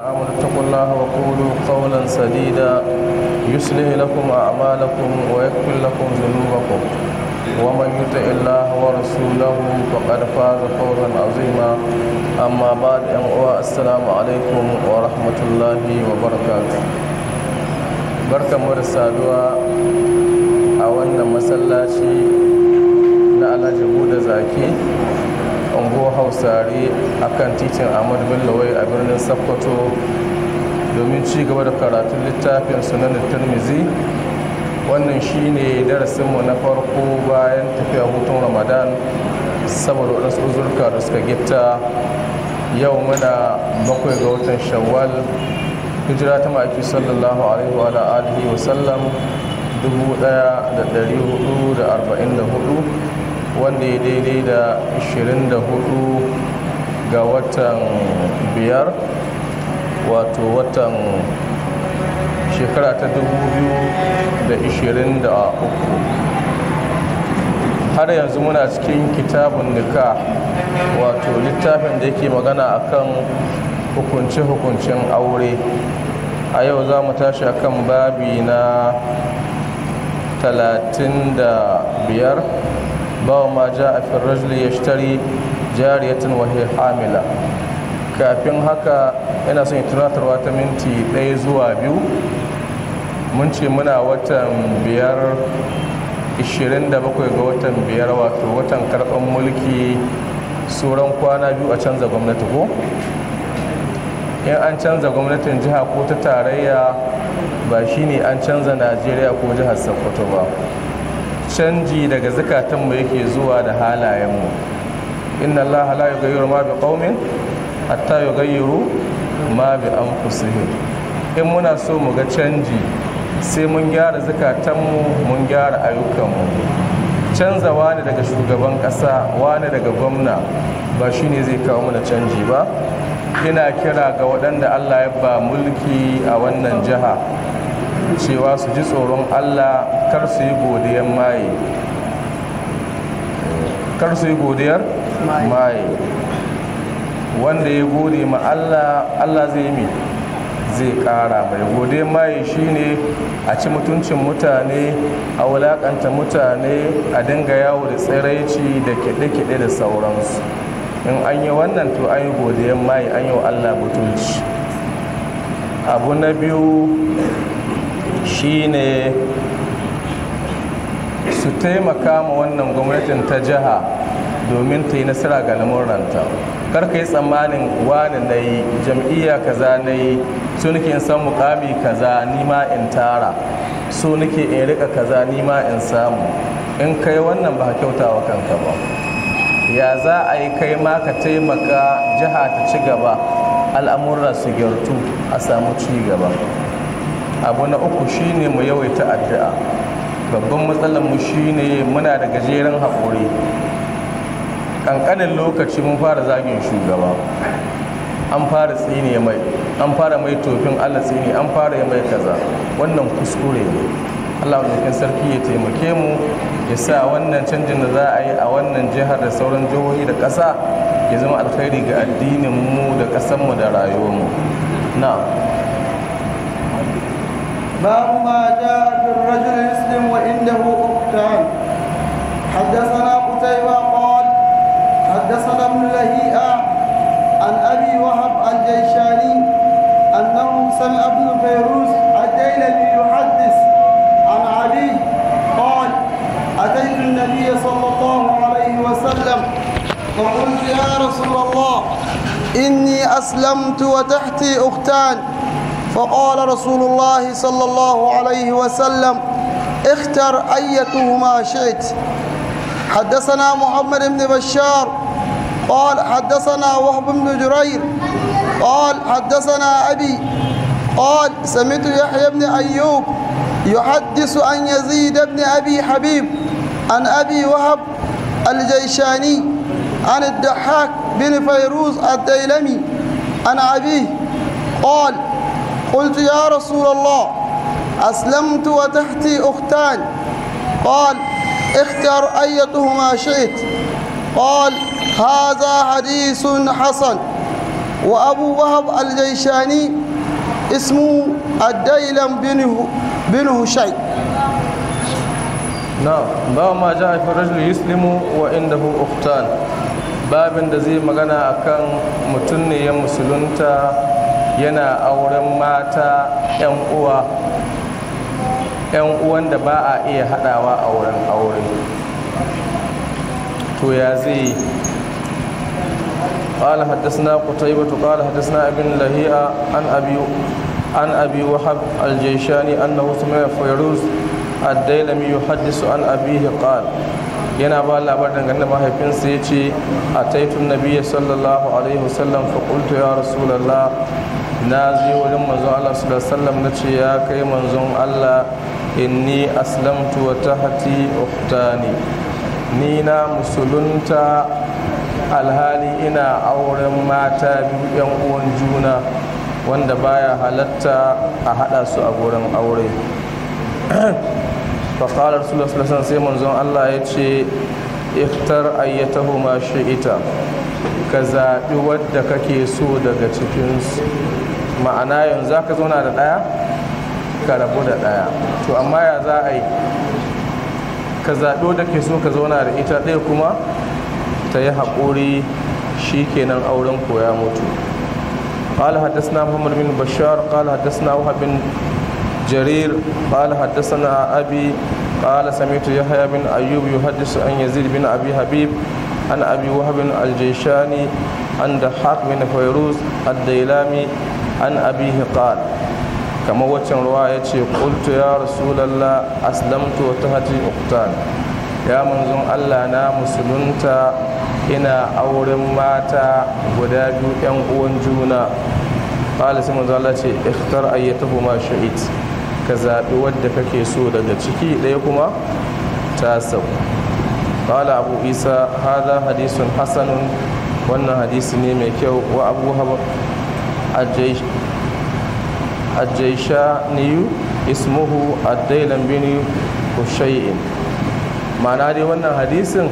اتقوا الله وقولوا قولا سديدا يصلح لكم اعمالكم ويغفر لكم ذنوبكم ومن يطع الله ورسوله فقد فاز فوزا عظيما اما بعد السلام عليكم ورحمه الله وبركاته بركة مرسادوا wannan masallaci na alhaji buda zaki unguwar hausare a kan titin ahmad bello a birnin sakkwato domin ci gaba da karatun littafin sunan turmizi wannan shine darasinmu na farko bayan tafiya hutun ramadan saboda waɗansu uzurka da suka gifta yau muna bakwai ga watan shawwal hijira ta ma'aiki sallallahu alaihi wa alihi wa sallam 1444 wanda ya daidai da 24 ga watan biyar wato watan shekara ta 2023 har yanzu muna cikin kitabun nika wato littafin da yake magana akan hukunce-hukuncen aure a yau za mu tashi akan babi na 35 bawa ma ja a firrajli ya shtari hamila kafin haka yana son tunatarwa ta minti ɗaya zuwa biyu mun ce muna watan biyar 27 ga watan biyar wato watan karɓar mulki tsoron kwana biyu a canza gwamnati ko in an canza gwamnatin jiha ko ta tarayya ba shine an canza najeriya ko jihar sokoto ba canji daga zukatanmu yake zuwa da halayenmu inna Allah la yughayyiru ma bi qaumin hatta yughayyiru ma bi anfusihim in muna so mu ga canji sai mun gyara zukatanmu mun gyara ayyukanmu canza wani daga shugaban kasa, wani daga gwamna ba shine zai kawo mana canji ba ina kira ga waɗanda Allah ya ba mulki a wannan jiha cewa su ji tsoron allah kar su yi godiyar maye kar su yi godiyar maye wanda ya gode ma allah allah zai mi zai kara mai gode maye shine a ci mutuncin mutane a wulakanta mutane a dinga yawo da tsiraici da kiɗe-kiɗe da sauransu in an yi wannan to an yi godiyar maye an yi wa allah mutunci abu na biyu ne su taimaka ma wannan gwamnatin ta jiha domin ta yi nasara ga lamuranta karka yi tsammanin wani na yi jam'iyya kaza na yi su nake in san mukami kaza nima in tara su nake in rika kaza nima in samu in kai wannan ba kyauta wa kanka ba ya za a yi kai ma ka taimaka jiha ta ci gaba al'amurra su gyartu a samu ci gaba abu na uku shine mu yawaita addu'a babban matsalar mu shine muna da gajeren haƙuri ƙanƙanin lokaci mun fara zagin shugaba an fara tsine mai an fara mai tofin allah tsine an fara mai kaza wannan kuskure ne allah wajen sarki ya taimake mu ya sa wannan canjin da za a yi a wannan jihar da sauran jihohi da ƙasa ya zama alkhairi ga addinin mu da ƙasar mu da rayuwar mu na باب ما جاء في الرجل يسلم وعنده أختان حدثنا قتيبة قال حدثنا ابن لهيئة عن أبي وهب الجيشاني أنه سمع ابن فيروز الديلمي ليحدث عن علي قال أتيت النبي صلى الله عليه وسلم فقلت يا رسول الله إني أسلمت وتحتي أختان فقال رسول الله صلى الله عليه وسلم اختر أيتهما شئت حدثنا محمد بن بشار قال حدثنا وهب بن جرير قال حدثنا أبي قال سمعت يحيى بن أيوب يحدث عن يزيد بن أبي حبيب عن أبي وهب الجيشاني عن الدحاك بن فيروز الديلمي عن أبيه قال قلت يا رسول الله أسلمت وتحتي أختان قال اختر أيتهما شئت قال هذا حديث حسن وأبو وهب الجيشاني اسمه الديلم بن بن شيء نعم باب ما جاء في الرجل يسلم وعنده أختان باب da مغنى أكان متني يا مسلمتا yana auren mata 'yan uwa 'yan uwan da ba a iya haɗawa a wurin aure to ya zai قال حدثنا قتيبة قال حدثنا ابن لهيئة عن أبي عن أبي وهب الجيشاني أنه سمع فيروز الديلمي يحدث عن أبيه قال yana ba labar dangane mahaifinsa ya ce a taitun nabiya sallallahu alaihi wasallam fa qultu ya rasulallah na zai wurin manzon Allah su da sallam na ce ya kai manzon Allah inni aslamtu wa tahti ne. ni na musulunta alhali ina auren mata biyu yan uwan juna wanda baya halatta a hada su a gurin aure faƙalar sulasulasa sai manzon Allah ya ce iftar ayyatahu ma ita. ka zaɓi wadda kake so daga cikinsu ma'ana yanzu za ka zauna da ɗaya ka rabu da ɗaya to amma ya za a yi ka zaɓi da ke so ka zauna da ita ɗaya kuma ta yi haƙuri shi kenan auren koya mutu قال حدثنا محمد بن بشار قال حدثنا وهب بن جرير قال حدثنا أبي قال سمعت يحيى بن أيوب يحدث عن يزيد بن abi حبيب عن أبي وهب الجيشاني عن دحاق بن فيروز الديلامي an abihi qal kamar waccan ruwa ya ce qultu ya rasulallah aslamtu wa tahti uqtan ya manzon Allah na musulunta ina auren mata guda biyu yan uwan juna qala sai manzon Allah ce ikhtar ayyatuhuma sha'it ka zaɓi wadda kake so daga ciki ɗaya kuma ta sau ƙala abu isa hada hadisun hasanun wannan hadisi ne mai kyau wa abu a اسمه bini بن كشيء ma'ana dai wannan hadisin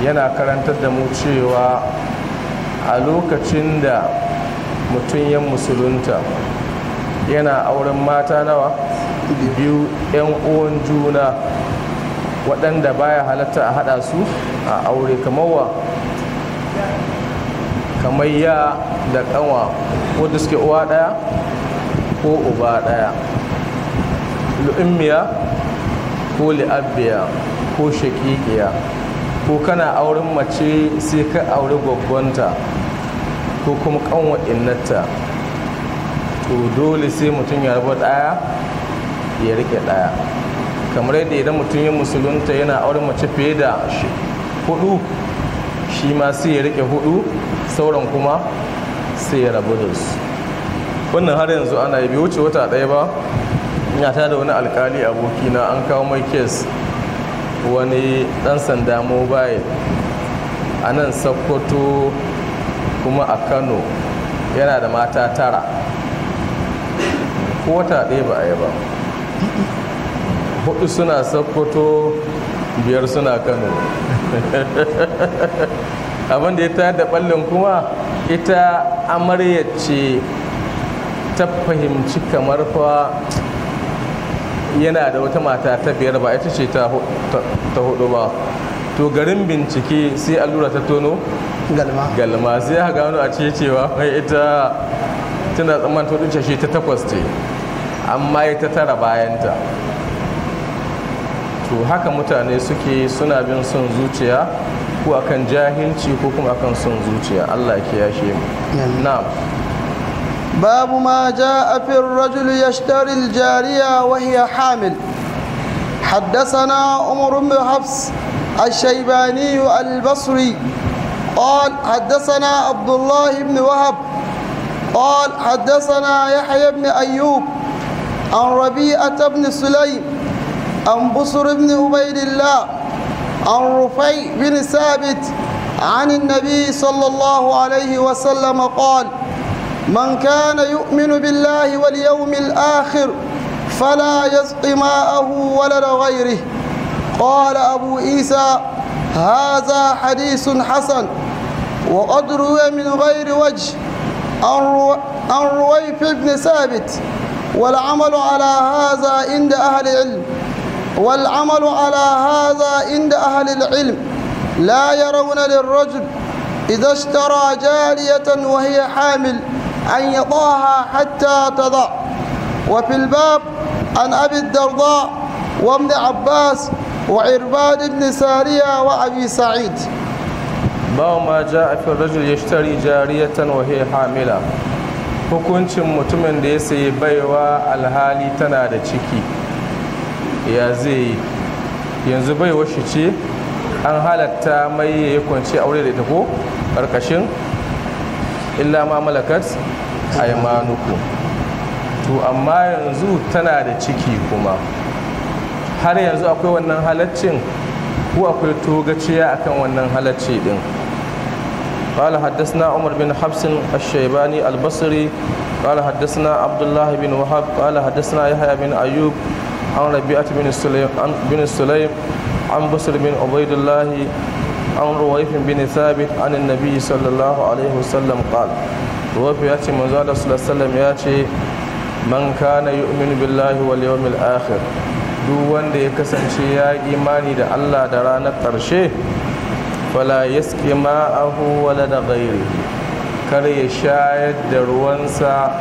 yana karantar da mu cewa a lokacin da mutum ya musulunta yana auren mata nawa biyu 'yan uwan juna waɗanda baya halatta a haɗa su a aure kamawa kamayya da ƙanwa wadda suke uwa ɗaya ko uba ɗaya lu'immiya ko li'abbiya ko shakikiya ko kana auren mace sai ka auri gwaggwanta ko kuma kanwa innata to dole sai mutum ya rabu ɗaya ya rike ɗaya kamar yadda idan mutum ya musulunta yana auren mace fiye da hudu shi ma sai ya rike hudu sauran kuma sai ya rabu da su wannan har yanzu ana yi wuce wata ɗaya ba ya ta da wani alkali abokina an kawo mai kes wani ɗan sanda mobile a nan sokoto kuma a kano yana da mata tara ko wata ɗaya ba a yi ba hudu suna sokoto biyar suna kano abin da ya tayar da ɓallin kuma ita amarya ce ta fahimci kamar fa yana da wata mata ta biyar ba ita ce ta hudu ba to garin bincike sai allura ta tono galma sai ya gano a ce cewa mai ita tana tsammanin hudu ce ta takwas ce amma ita tara bayanta to haka mutane suke suna bin son zuciya ko akan jahilci ko kuma akan son zuciya Allah ke yashe mu na'am babu ma jaa fi ar-rajul yashtari al-jariya wa hiya hamil حدثنا عمر بن حفص الشيباني البصري قال حدثنا عبد الله بن وهب قال حدثنا يحيى بن أيوب عن ربيعة بن سليم عن بصر بن عبيد الله عن رفيع بن ثابت عن النبي صلى الله عليه وسلم قال من كان يؤمن بالله واليوم الآخر فلا يسق ماءه ولد غيره قال أبو عيسى هذا حديث حسن وقد روي من غير وجه عن رويف بن ثابت والعمل على هذا عند أهل العلم والعمل على هذا عند أهل العلم لا يرون للرجل إذا اشترى جارية وهي حامل أن يضعها حتى تضع وفي الباب عن أبي الدرداء وابن عباس وعرباد بن سارية وأبي سعيد باب ما جاء في الرجل يشتري جارية وهي حاملة hukuncin mutumin da ya sayi baiwa alhali tana da ciki ya zai yi yanzu bai washe ce an halatta mai ya yi kwanci aure da dako ko ƙarƙashin illa ma malakat aimanuku to amma yanzu tana da ciki kuma har yanzu akwai wannan halaccin ko akwai togaciya akan wannan halacci din قال حدثنا عمر بن حفص الشيباني البصري قال حدثنا عبد الله بن وهب قال حدثنا يحيى بن ايوب an rabi'at bin bin sulaim an basir bin an ruwayf bin thabit an annabi sallallahu alaihi wasallam qala ruwayat manzo Allah sallallahu alaihi wasallam ya ce man kana yu'minu billahi wal yawmil akhir duk wanda ya kasance ya imani da Allah da ranar karshe fala yaski ma'ahu wala da ghairi kar ya shayar da ruwansa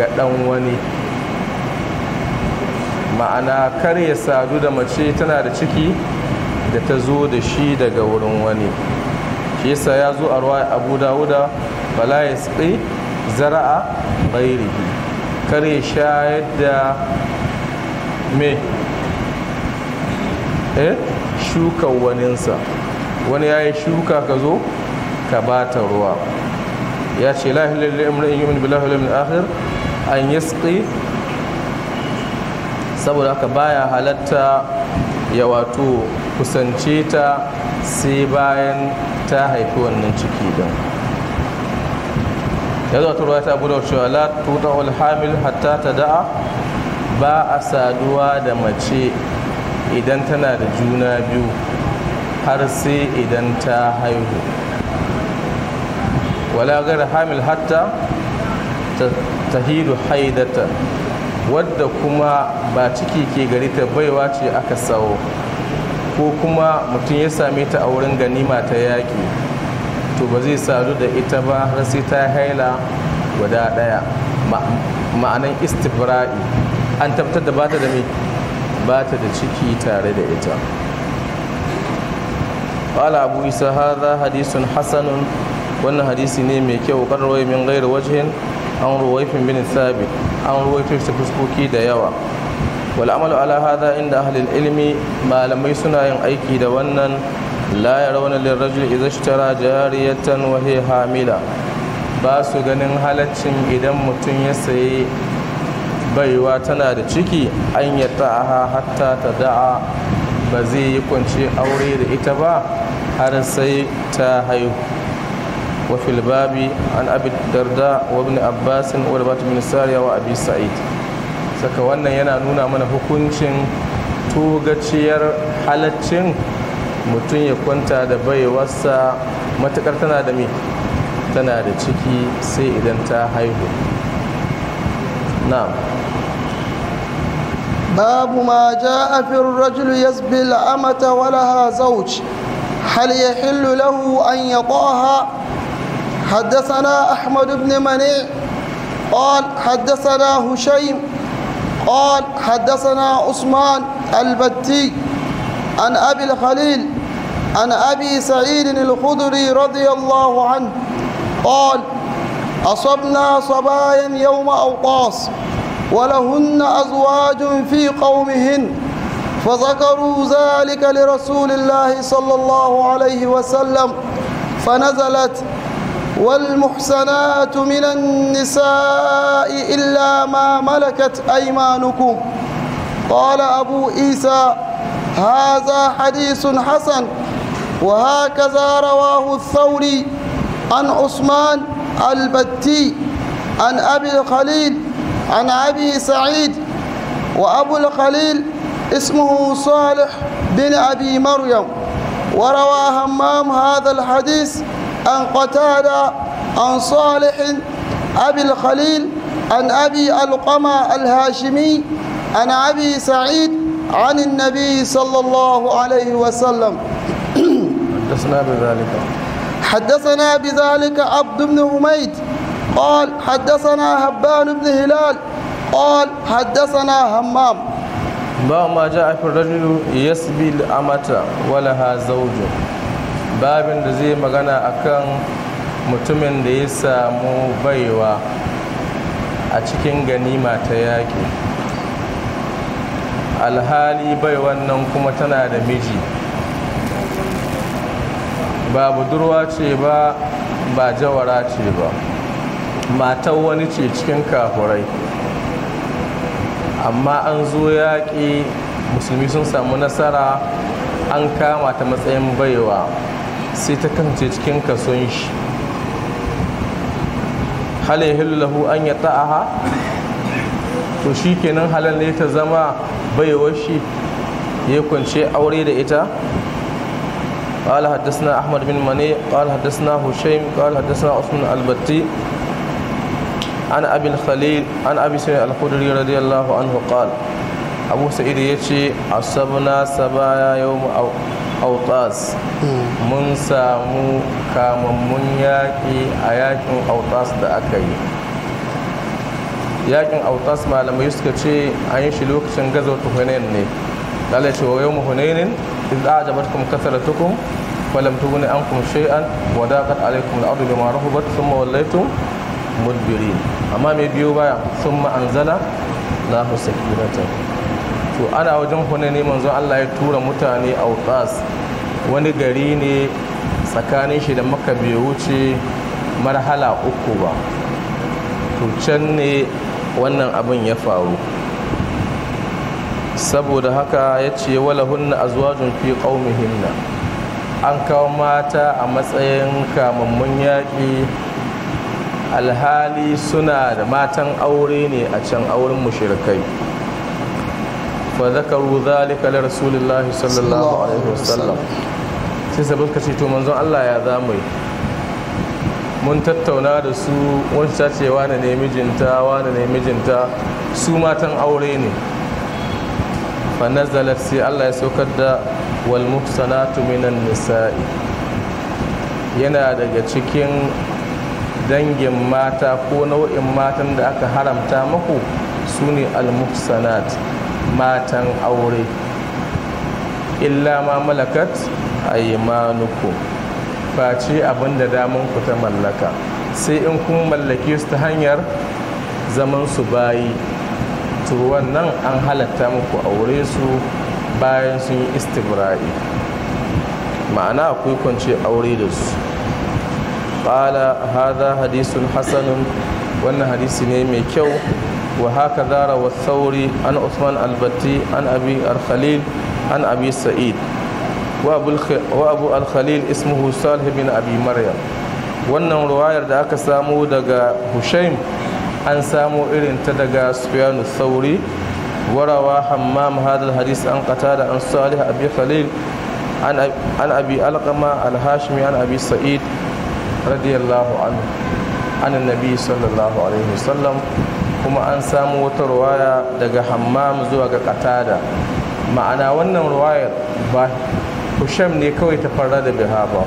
ga ɗan wani ma'ana kar ya sadu da mace tana da ciki da ta zo da shi daga wurin wani shi yasa ya zo a ruwa abu dawuda bala ya tsaye zara'a ghairihi kar ya shayar da me eh shuka waninsa wani ya yi shuka ka zo ka bata ruwa ya ce lahilalle imrin yumin bilahilalle akhir an yasqi saboda haka baya halatta ya wato kusance ta sai bayan ta haifi wannan ciki din ya zo ta ruwa ta gudu cewa la tuta hamil hatta ta da'a ba a saduwa da mace idan tana da juna biyu har sai idan ta haihu wala gara hamil hatta ta hidu haidata wadda kuma ba ciki ke gari ta baiwa ce aka sawo ko kuma mutum ya same ta a wurin ganima ta yaƙi to ba zai sadu da ita ba har sai ta haila guda ɗaya ma'anan istibra'i an tabbatar da bata da mai bata da ciki tare da ita ala abu isa haza hadisun hasanun wannan hadisi ne mai kyau روي min gairu wajen an ruwaifin bin sabit an rufe su fuskoki da yawa wal'amalu amalu ala hada inda ahlil ilmi malamai suna yin aiki da wannan la yarawna lil rajul jariyatan wa wahe hamila ba su ganin halaccin idan mutum ya sayi baiwa tana da ciki an a ta'aha hatta ta da'a ba zai yi kwanci aure da ita ba har sai ta haihu وفي an عن أبي الدرداء وابن عباس والبات بن السارية وأبي سعيد saka wannan yana nuna mana hukuncin tugaciyar halaccin mutum ya kwanta da baiwarsa matukar tana da ciki sai idan ta haihu babu ma ja'a fi rajul yasbi al'amata wa laha zawj hal yahillu lahu an ya yaqaha حدثنا أحمد بن منيع قال حدثنا هشيم قال حدثنا عثمان البتي عن أبي الخليل عن أبي سعيد الخدري رضي الله عنه قال أصبنا صبايا يوم أوطاس ولهن أزواج في قومهن فذكروا ذلك لرسول الله صلى الله عليه وسلم فنزلت والمحسنات من النساء إلا ما ملكت أيمانكم قال أبو عيسى هذا حديث حسن وهكذا رواه الثوري عن عثمان البتي عن أبي الخليل عن أبي سعيد وأبو الخليل اسمه صالح بن أبي مريم وروى همام هذا الحديث عن قتادة عن صالح أبي الخليل عن أبي القمى الهاشمي عن أبي سعيد عن النبي صلى الله عليه وسلم حدثنا بذلك حدثنا بذلك عبد بن أميد قال حدثنا هبان بن هلال قال حدثنا همام باب ما جاء في الرجل يسبي الأمة ولها زوج babin da zai magana akan mutumin da ya samu baiwa a cikin ganima ta yaƙi alhali baiwan nan kuma tana da miji ba budurwa ce ba ba jawara ce ba matan wani ce cikin kafurai amma an zo yaƙi musulmi sun samu nasara an kama ta matsayin baiwa sai ta kance cikin kason shi halayyar lahu an ya ta'aha to shi kenan halin ne ta zama baiwa shi ya kunce aure da ita ƙwal haddasa ahmad bin Mani, ƙwal haddasa na hussein ƙwal haddasa na osman albatti an abin khalil an abin sai alkhudari radiyallahu anhu ƙwal abu sa'idu ya ce a asabna sabaya yau mu'au autas hmm. mun samu kamammun yaƙi a yaƙin autas da aka yi yaƙin autas malamai suka ce an yi shi lokacin gazo hunayen ne lalace ce wa yau muhunenin idan a jabar kuma kasar tukun falam wani an kuma shay'an wadaƙat alaikum al'adu bima rahubat sun mawallaitu mudbiri amma mai biyo baya sun ma'anzala na husakinatan to ana wajen ne manzo Allah ya tura mutane a Uqas wani gari ne tsakanin shi da maka bai wuce marhala uku ba to can ne wannan abin ya faru saboda haka ya ce wala hunna azwajun fi qaumihinna an kawo mata a matsayin kamammun yaƙi alhali suna da matan aure ne a can auren mushirikai فذكروا ذلك لرسول الله صلى الله عليه وسلم sai sabu suka ce to manzon Allah ya mun tattauna da su ta ce wani ne mijinta wani ne mijinta su matan aure ne fa nazalat sai Allah ya saukar da wal muhsanatu minan nisa'i yana daga cikin dangin mata ko nau'in matan da aka haramta maku su ne al muhsanat matan aure illa ma malakat aymanuku face abin da daman ku ta mallaka sai in kun mallake su ta hanyar zaman su bayi to wannan an halatta muku aure su bayan sun yi istibra'i ma'ana akwai kwance aure da su ƙala hada hadisun hasanun wannan hadisi ne mai kyau وهكذا روى الثوري عن عثمان البتي عن أبي الخليل عن أبي سعيد وأبو, الخ... وأبو الخليل اسمه صالح بن أبي مريم wannan ruwayar da aka samu daga hushaim an samu irin ta daga sufyanu sauri warawa hammam hadal hadis an kata da an salih abi khalil an abi alqama alhashimi an abi sa'id radiyallahu anhu an annabi sallallahu alaihi wasallam kuma an samu wata ruwaya daga hammam zuwa ga katada ma'ana wannan ruwayar ba husham ne kawai ta fara da biha ba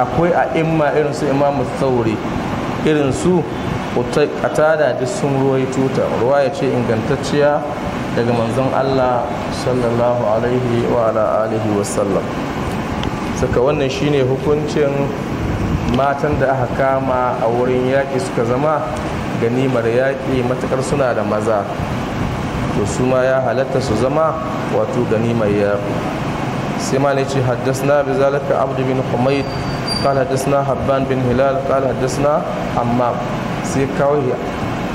akwai a imma irin su imamu tsauri irin su katada duk sun ruwai tuta ruwaya ce ingantacciya daga manzon allah sallallahu alaihi wa ala wasallam saka wannan shine hukuncin matan da aka kama a wurin yaƙi suka zama ganimar yaƙi matukar suna da maza to su ma ya halatta su zama wato ganimar yaƙi sai ma ne ce haddasna bi zalika abdu bin humaid قال حدثنا حبان بن هلال قال حدثنا حمام sai kawai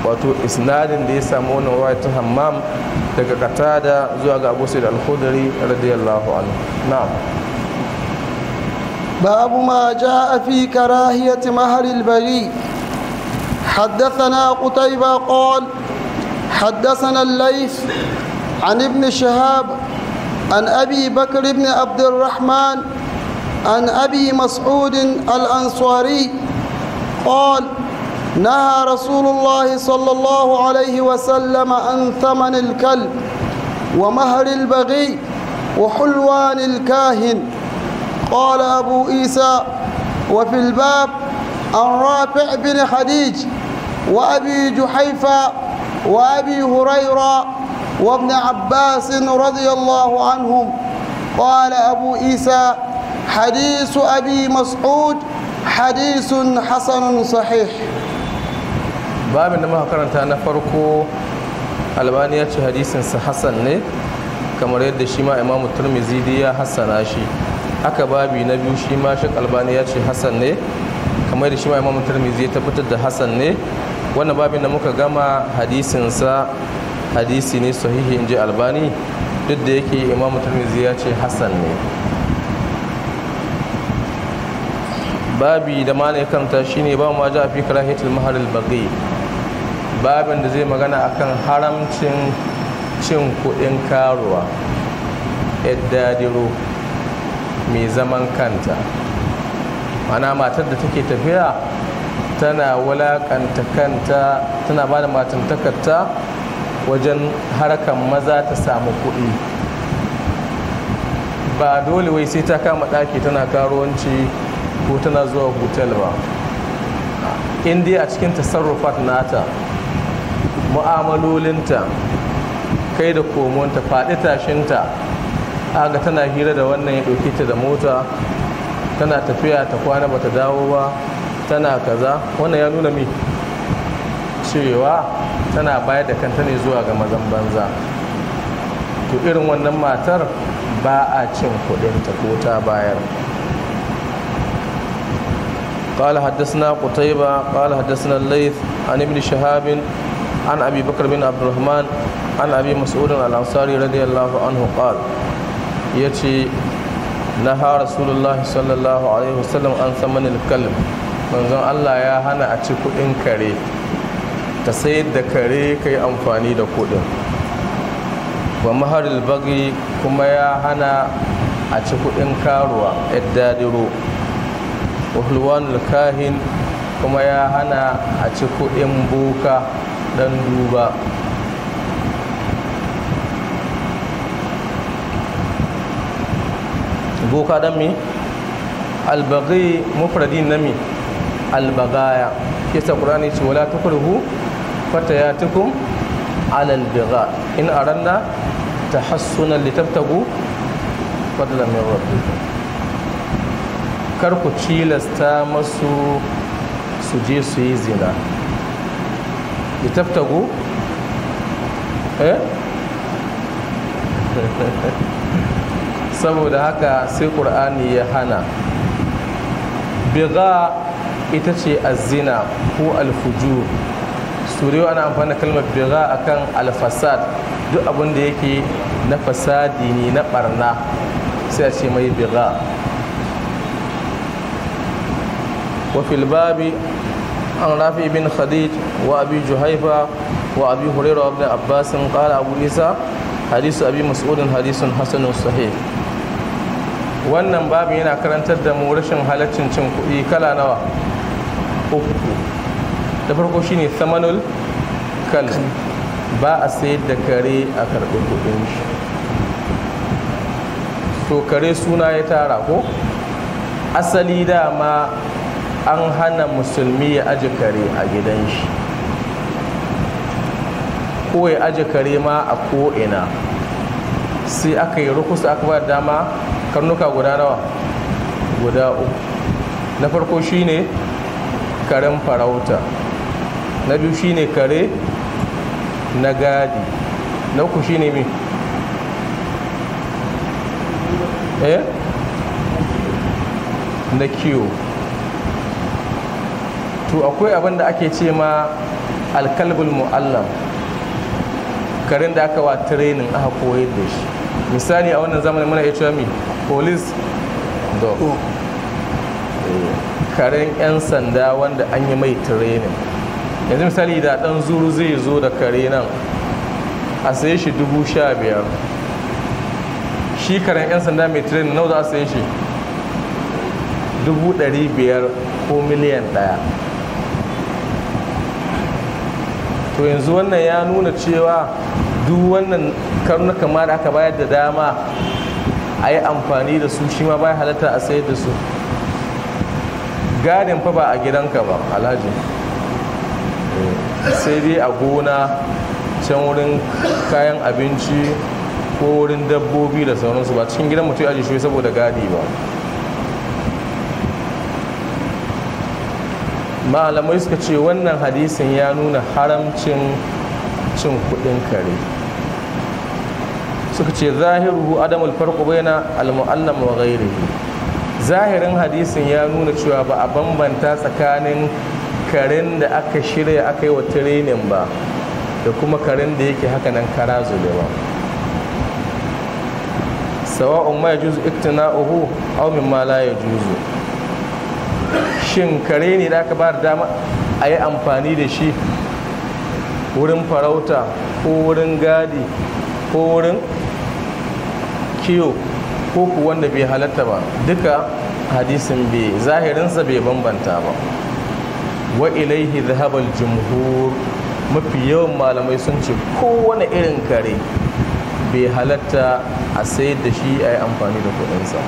wato isnadin da ya samu wannan ruwaya ta hammam daga katada zuwa ga abu da al-khudri radiyallahu anhu babu ma jaa fi karahiyati maharil bari حدثنا قتيبة قال حدثنا الليث عن ابن شهاب عن أبي بكر بن عبد الرحمن عن أبي مسعود الأنصاري قال نهى رسول الله صلى الله عليه وسلم عن ثمن الكلب ومهر البغي وحلوان الكاهن قال أبو عيسى وفي الباب عن رافع بن خديج وأبي wa وأبي هريرة وابن عباس رضي الله عنهم قال أبو عيسى حديث أبي مسعود حديث حسن صحيح babin da muka karanta na farko albani ya ce hadisinsa hassan ne kamar yadda shi ma imamu turmizi ya hassana shi haka babi na biyu shi ma shek albani ya ce hassan ne kamar da shi ma imamu tirmidhi ya tabbatar da hasan ne wannan babin da muka gama hadisinsa hadisi ne sahihi in ji albani duk da yake imamu tirmidhi ya ce hasan ne babi da ma ne kanta shine ba ma a fi karahiyatul mahar al babin da zai magana akan haramcin cin kuɗin karuwa yadda diro mai zaman kanta mana matar da take tafiya tana wulakanta kanta tana ba da matantakarta wajen harkar maza ta samu kuɗi ba dole wai sai ta kama ɗaki tana karuwanci ko tana zuwa hotel ba in dai a cikin tasarrufat nata mu'amalolinta kai da komonta faɗi tashinta aga tana hira da wannan ya ɗauke ta da mota tana tafiya ta kwana bata dawo ba tana kaza wannan ya nuna mi cewa tana bayar da kanta ne zuwa ga mazan banza to irin wannan matar ba a cin kudinta ko ta bayar قال حدثنا قتيبة قال حدثنا الليث عن ابن شهاب عن أبي بكر بن عبد الرحمن عن أبي مسعود الأنصاري رضي الله عنه قال Na rasulullahi sallallahu alaihi wasallam an samanin kalb manzon allah ya hana a ci kuɗin kare ta sayar da kare ka yi amfani da kuɗin Ba maharil bagi kuma ya hana a ci kudin karuwa yaddadiro wahulwanul kahin kuma ya hana a ci kuɗin buka ɗan duba boka dan mi albaghi mufradin na me albagaya kisa qur'ani ce wala tukrihu fatayatukum ala albagha in aranna tahassunan litabtagu fadlan min rabbikum kar ku cilasta masu su je su yi zina litabtagu eh saboda haka sai ƙur'ani ya hana biga ita ce azina ko alfuju surewa ana amfani da kalmar biga akan alfasat duk abinda yake na fasadi ne na barna sai a ce mai biga wafil babi an rafi ibn khadij wa abi juhaifa wa abi hurairu abin abbasin ƙara abu nisa hadisu abi mas'udin hadisun hasanun sahih wannan babu yana karantar da mu rashin halaccin cin kuɗi kala nawa uku da farko shine samanul kal ba a sayar da kare a karɓar kuɗin shi to kare suna ya tara ko asali dama an hana musulmi ya aji kare a gidan shi ko ya aji kare ma a ko'ina sai aka yi rukusa aka ba dama karnuka guda nawa guda uku na farko shine karen farauta na biyu shine kare na gadi na uku shine mai eh na kiwo to akwai abin da ake ce ma alkalbul mu'allam karin da aka wa training aka koyar da shi misali a wannan zamanin muna iya cewa mi polis dog karen 'yan sanda wanda an yi mai training yanzu misali da dan zuru zai zo da kare nan a saye shi dubu sha biyar shi karen 'yan sanda mai training nau za a saye shi dubu dari biyar ko miliyan ɗaya to yanzu wannan ya nuna cewa duk wannan karnuka ma da aka bayar da dama a yi amfani da su shi ma bai halatta a sayar da su gadin fa ba a gidanka ba alhaji eh, sai dai a gona can wurin kayan abinci ko wurin dabbobi da sauransu ba cikin gidan mutum aji shi saboda gadi ba malamai suka ce wannan hadisin ya nuna haramcin cin kudin kare suka ce zahiruhu adamul farko baina al-mu'allam wa zahirin hadisin ya nuna cewa ba a bambanta tsakanin karin da aka shirya aka yi wa tirenin ba da kuma karen da yake hakanan kara zulewa sawa'un ma yajuzu iktina'uhu aw ma la yajuzu shin kare ne da aka ba da dama a yi amfani da shi wurin farauta ko wurin gadi ko wurin kiyo ko ku wanda bai halatta ba duka hadisin bai zahirinsa bai bambanta ba wa ilaihi zahabal jumhur mafi yawan malamai sun ce kowane irin kare bai halatta a sayar da shi a yi amfani da kudinsa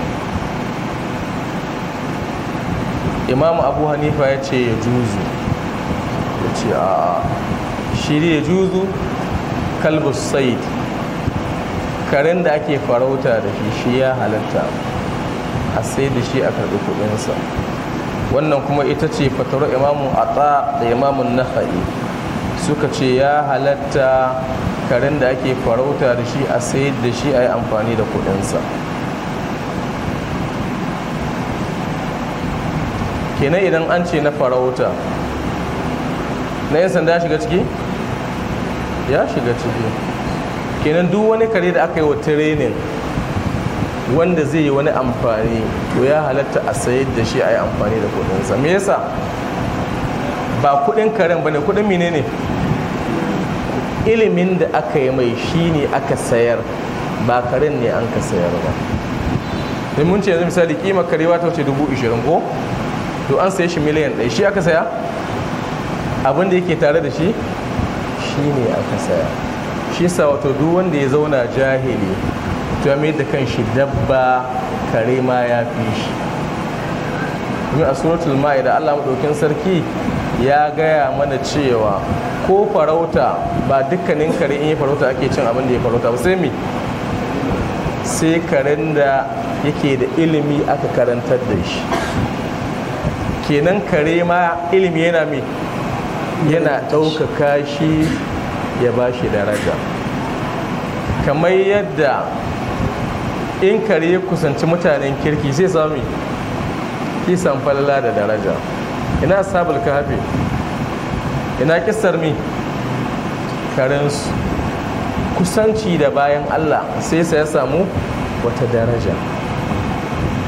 imamu abu hanifa ya ce ya juzu ya ce a shiri ya juzu kalbus said karen da ake farauta da shi shi ya halatta a sai da shi a karɓi kuɗinsa wannan kuma ita ce fatarar imamun ata da imamun naha'i suka ce ya halatta karen da ake farauta da shi a sai da shi a yi amfani da kuɗinsa kenan idan an ce na farauta na yin sanda shiga ciki ya shiga ciki kenan duk wani kare da aka yi wa training wanda zai yi wani amfani to ya halatta a sayar da shi a yi amfani da kudinsa me yasa ba kudin karen ba ne kudin mine ne ilimin da aka yi mai shi ne aka sayar ba karen ne an ka sayar ba in mun ce yanzu misali kima karewa ta wuce dubu ko to an sayi shi miliyan ɗaya shi aka saya abin da yake tare da shi shi ne aka saya shi sa wato duk wanda ya zauna jahili to ya mai da kan shi dabba kare ma ya fi shi domin a suratul ma'ida Allah maɗaukin sarki ya gaya mana cewa ko farauta ba dukkanin kare in yi farauta ake cin abin da ya farauta ba sai mi sai karen da yake da ilimi aka karantar da shi kenan kare ma ilimi yana mi yana ɗaukaka shi ya ba shi daraja kamar yadda in kare ya kusanci mutanen kirki sai sami kisan falala da daraja ina sabul kafi ina kisar mi karensu kusanci da bayan allah sai sai ya samu wata daraja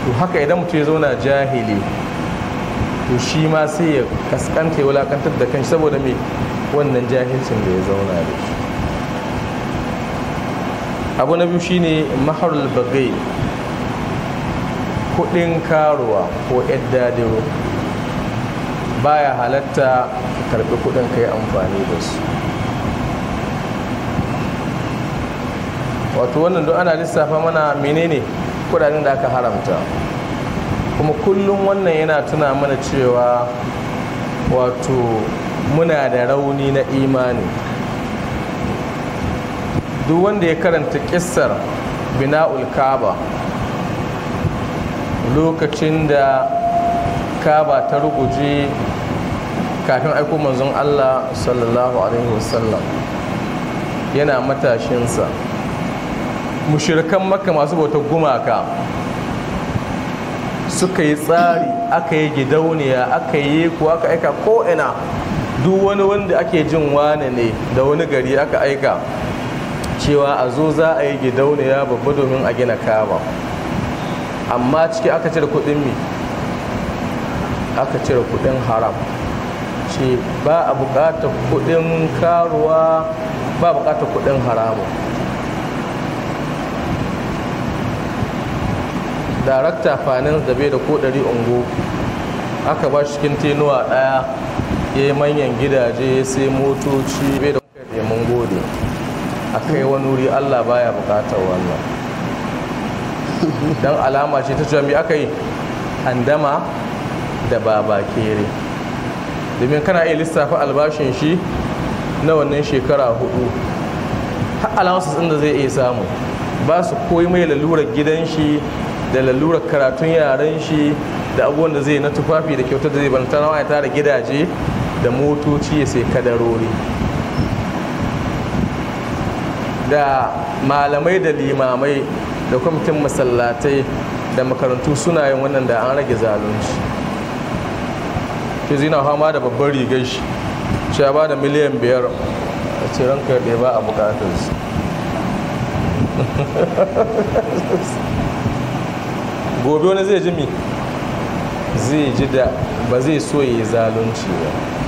to haka idan mutum ya zauna jahili to shi ma sai ya kaskanta ya wulakantar da kanshi saboda mai wannan jahilcin da ya zauna da shi. abu na biyu shine maharul bagai kudin karuwa ko yadda ba baya halatta karbi kudin kai amfani da su wato wannan don ana lissafa mana menene kudaden da aka haramta kuma kullum wannan yana tuna mana cewa wato muna da rauni na imani duk wanda ya karanta kissar bina'ul kaba lokacin da kaba ta ruguje kafin aiko manzon allah sallallahu alaihi wasallam yana matashinsa mushirkan maka masu bautar gumaka suka yi tsari aka yi gidauniya aka yi kuwa aka aika ko'ina duk wani wanda ake jin wane ne da wani gari aka aika cewa a zo za a yi gidauniya babba domin a gina kaba amma ciki aka cire kudin mi aka cire kudin haram ce ba a bukatar kudin karuwa ba bukatar kudin haramu darakta fanin zabe da ko 100 ungo aka ba shi cikin tenuwa daya ya manyan gidaje sai motoci bai da kuka mun gode a kai wani wuri allah baya bukatar wannan don alama ce ta jami aka yi andama da baba kere domin kana iya lissafa albashin shi na wannan shekara hudu har alamansa da zai iya samu ba su koyi mai lalurar gidan shi da lalurar karatun yaran shi da abubuwan da zai na tufafi da kyautar da zai banta na ya tara gidaje da motoci ya sai kadarori da malamai da limamai da kwamitin masallatai da makarantu suna yin wannan da an rage zalunci ke zina hama da babbar rigar shi shi ba da miliyan biyar a ciran ranka ba a bukatar su gobe wani zai ji mi zai ji da ba zai so ya yi zalunci ba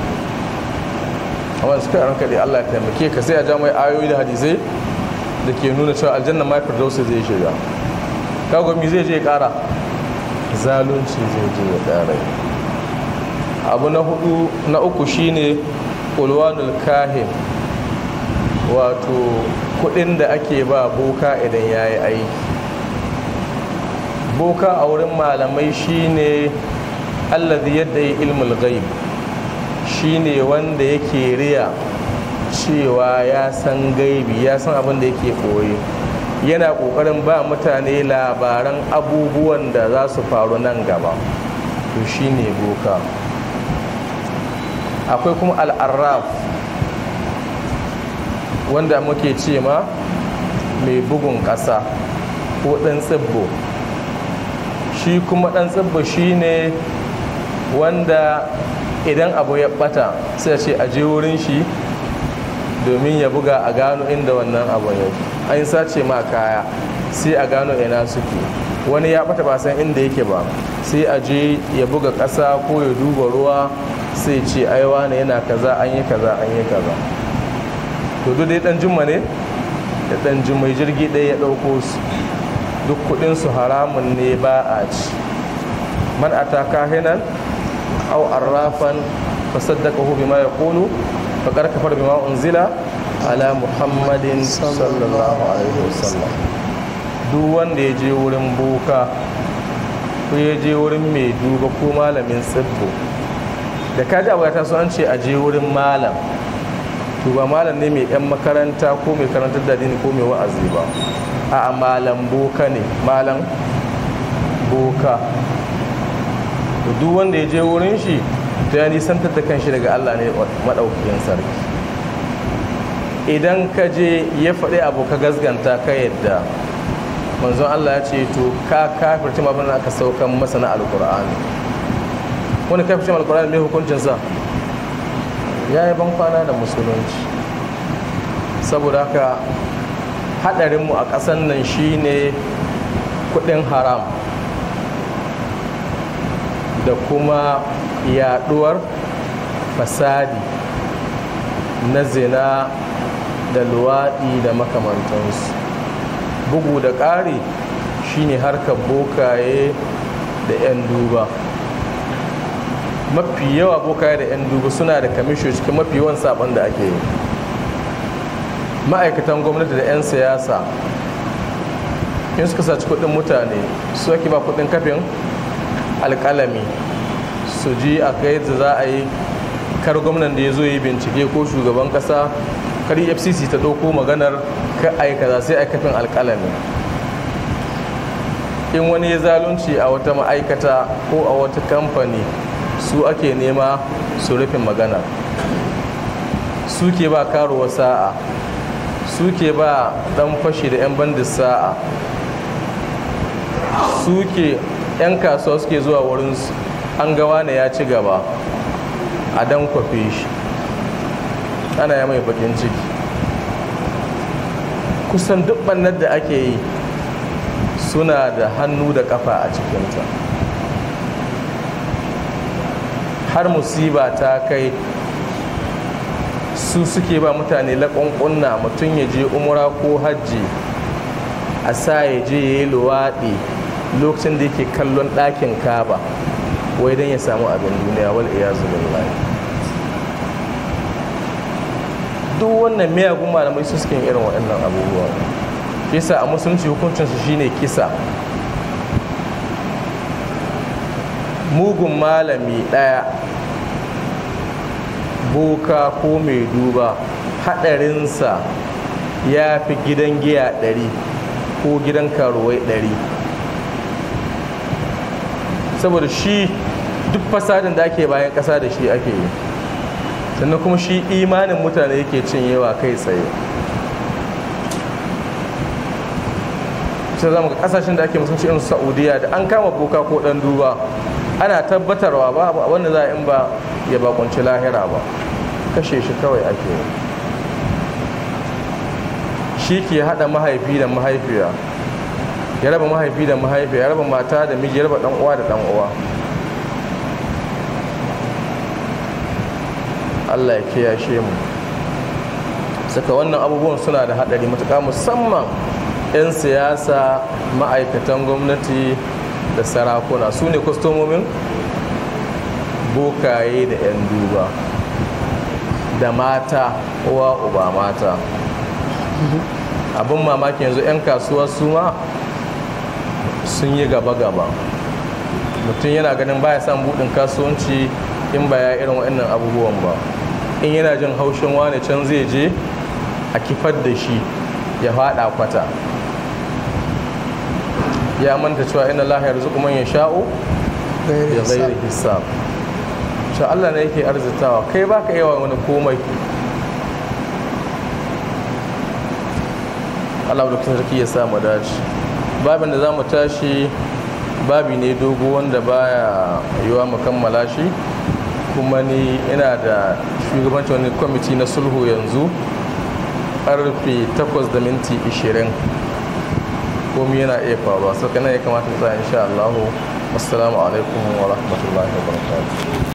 wanda suka ranka Allah ya taimake ka sai a ja mai ayoyi da hadisai da ke nuna cewa aljanna mai firdausa zai shiga kago mi zai je kara zalunci zai je ya kara abu na hudu na uku shine ulwanul kahin wato kudin da ake ba boka idan ya yi aiki boka a wurin malamai shine allazi yadda yi ilmul gaib shine wanda yake riya cewa ya san gaibi ya san abin da yake koyi yana ƙoƙarin ba mutane labaran abubuwan da za su faru nan gaba to shine boka akwai kuma al'arraf wanda muke ce ma mai bugun ƙasa ko ɗan tsibbo shi kuma ɗan tsibbo shine wanda idan abu ya bata sai ce a je wurin shi domin ya buga a gano inda wannan abu ya an sace ma kaya sai a gano ina suke wani ya bata ba san inda yake ba sai a je ya buga ƙasa ko ya duba ruwa sai ce aiwa ne yana kaza an yi kaza an yi kaza to duk dai dan jimma ne da dan jimmai jirgi ɗaya ya ɗauko su duk kuɗin su haramun ne ba a ci man ataka hinan aw arrafan fasaddaqahu bima yaqulu faqad kafara bima unzila ala muhammadin sallallahu alaihi wasallam duk wanda ya je wurin buka, ko ya je wurin mai duba ko malamin tsibbo da kaji abu ta so an ce a je wurin malam to ba malam ne mai yan makaranta ko mai karantar da dini ko mai wa'azi ba a malam buka ne malam buka. to duk wanda ya je wurin shi to ya nisantar da kanshi daga Allah ne maɗaukakin sarki idan ka je ya faɗi abu ka gasganta ka yadda manzon Allah ya ce to ka kafirci abin da aka saukan masa na alkur'ani wani kafirci Alƙur'ani mai hukuncinsa ya yi kwana da musulunci saboda haka haɗarinmu a ƙasan nan shine kuɗin haram da kuma yaduwar fasadi na zina da luwaɗi da makamantansu bugu da ƙari shine harkar bokaye da 'yan duba mafi yawa bokaye da 'yan duba suna da kamisho cikin mafi yawan saɓon da ake yi ma'aikatan gwamnati da 'yan siyasa in suka saci kudin mutane su ake ba kudin kafin alkalami su ji a kai yadda za a yi kar gwamnan da ya zo yi bincike ko shugaban kasa kar e fcc ta ɗauko maganar ka aikata sai a kafin alkalami in wani ya zalunci a wata ma'aikata ko a wata kamfani su ake nema su rufin magana su ke ba karuwa sa'a su ke ba dan fashi da 'yan bandis sa'a su ke 'yan kasuwa suke zuwa wurin an gawa ne ya ci gaba a dan kwafi shi ana ya mai bakin ciki kusan duk bannar da ake yi suna da hannu da kafa a cikinta har musiba ta kai su suke ba mutane laƙonƙunna mutum ya je umura ko hajji a sa ya je ya yi luwaɗi lokacin da yake kallon ɗakin kaba wai don ya samu abin duniya wal iyazu billahi duk wannan miyagun malamai su suke irin waɗannan abubuwa kisa a musulunci hukuncinsu shine kisa mugun malami ɗaya boka ko mai duba haɗarinsa ya fi gidan giya ɗari ko gidan karuwai ɗari saboda shi duk fasadin da ake bayan kasa da shi ake yi sannan kuma shi imanin mutane yake yawa kai tsaye sai zama ga kasashen da ake musulunci irin saudiya da an kama boka ko dan duba ana tabbatarwa ba wanda za in ba ya bakunci lahira ba kashe shi kawai ake yi. shi ke hada mahaifi da mahaifiya ya raba mahaifi da mahaifi ya raba mata da miji ya raba dan uwa da dan uwa Allah ya kiyashe mu saka wannan abubuwan suna da hadari matuƙa musamman 'yan siyasa ma'aikatan gwamnati da sarakuna su ne kwastomomin bokaye da 'yan duba da mata uwa uba mata abin mamaki yanzu 'yan kasuwa su ma sun yi gaba-gaba mutum yana ganin baya son buɗin kasuwanci in ba ya irin wa'annan abubuwan ba in yana jin haushin wani can zai je a kifar da shi ya faɗa kwata ya manta cewa ina lahiyar zuku manyan ya sha'o ya zairi hisab Allah ne yake arzitawa kai baka yawa wani komai Allah da kusurki ya sa mu dace babin da za mu tashi babi ne dogo wanda baya yiwa mu kammala shi kuma ni ina da shugabancin wani kwamiti na sulhu yanzu karfe 8 da minti 20 komi yana iya faruwa sau ya kamata ta insha Allah assalamu alaikum wa rahmatullahi wa barakatuh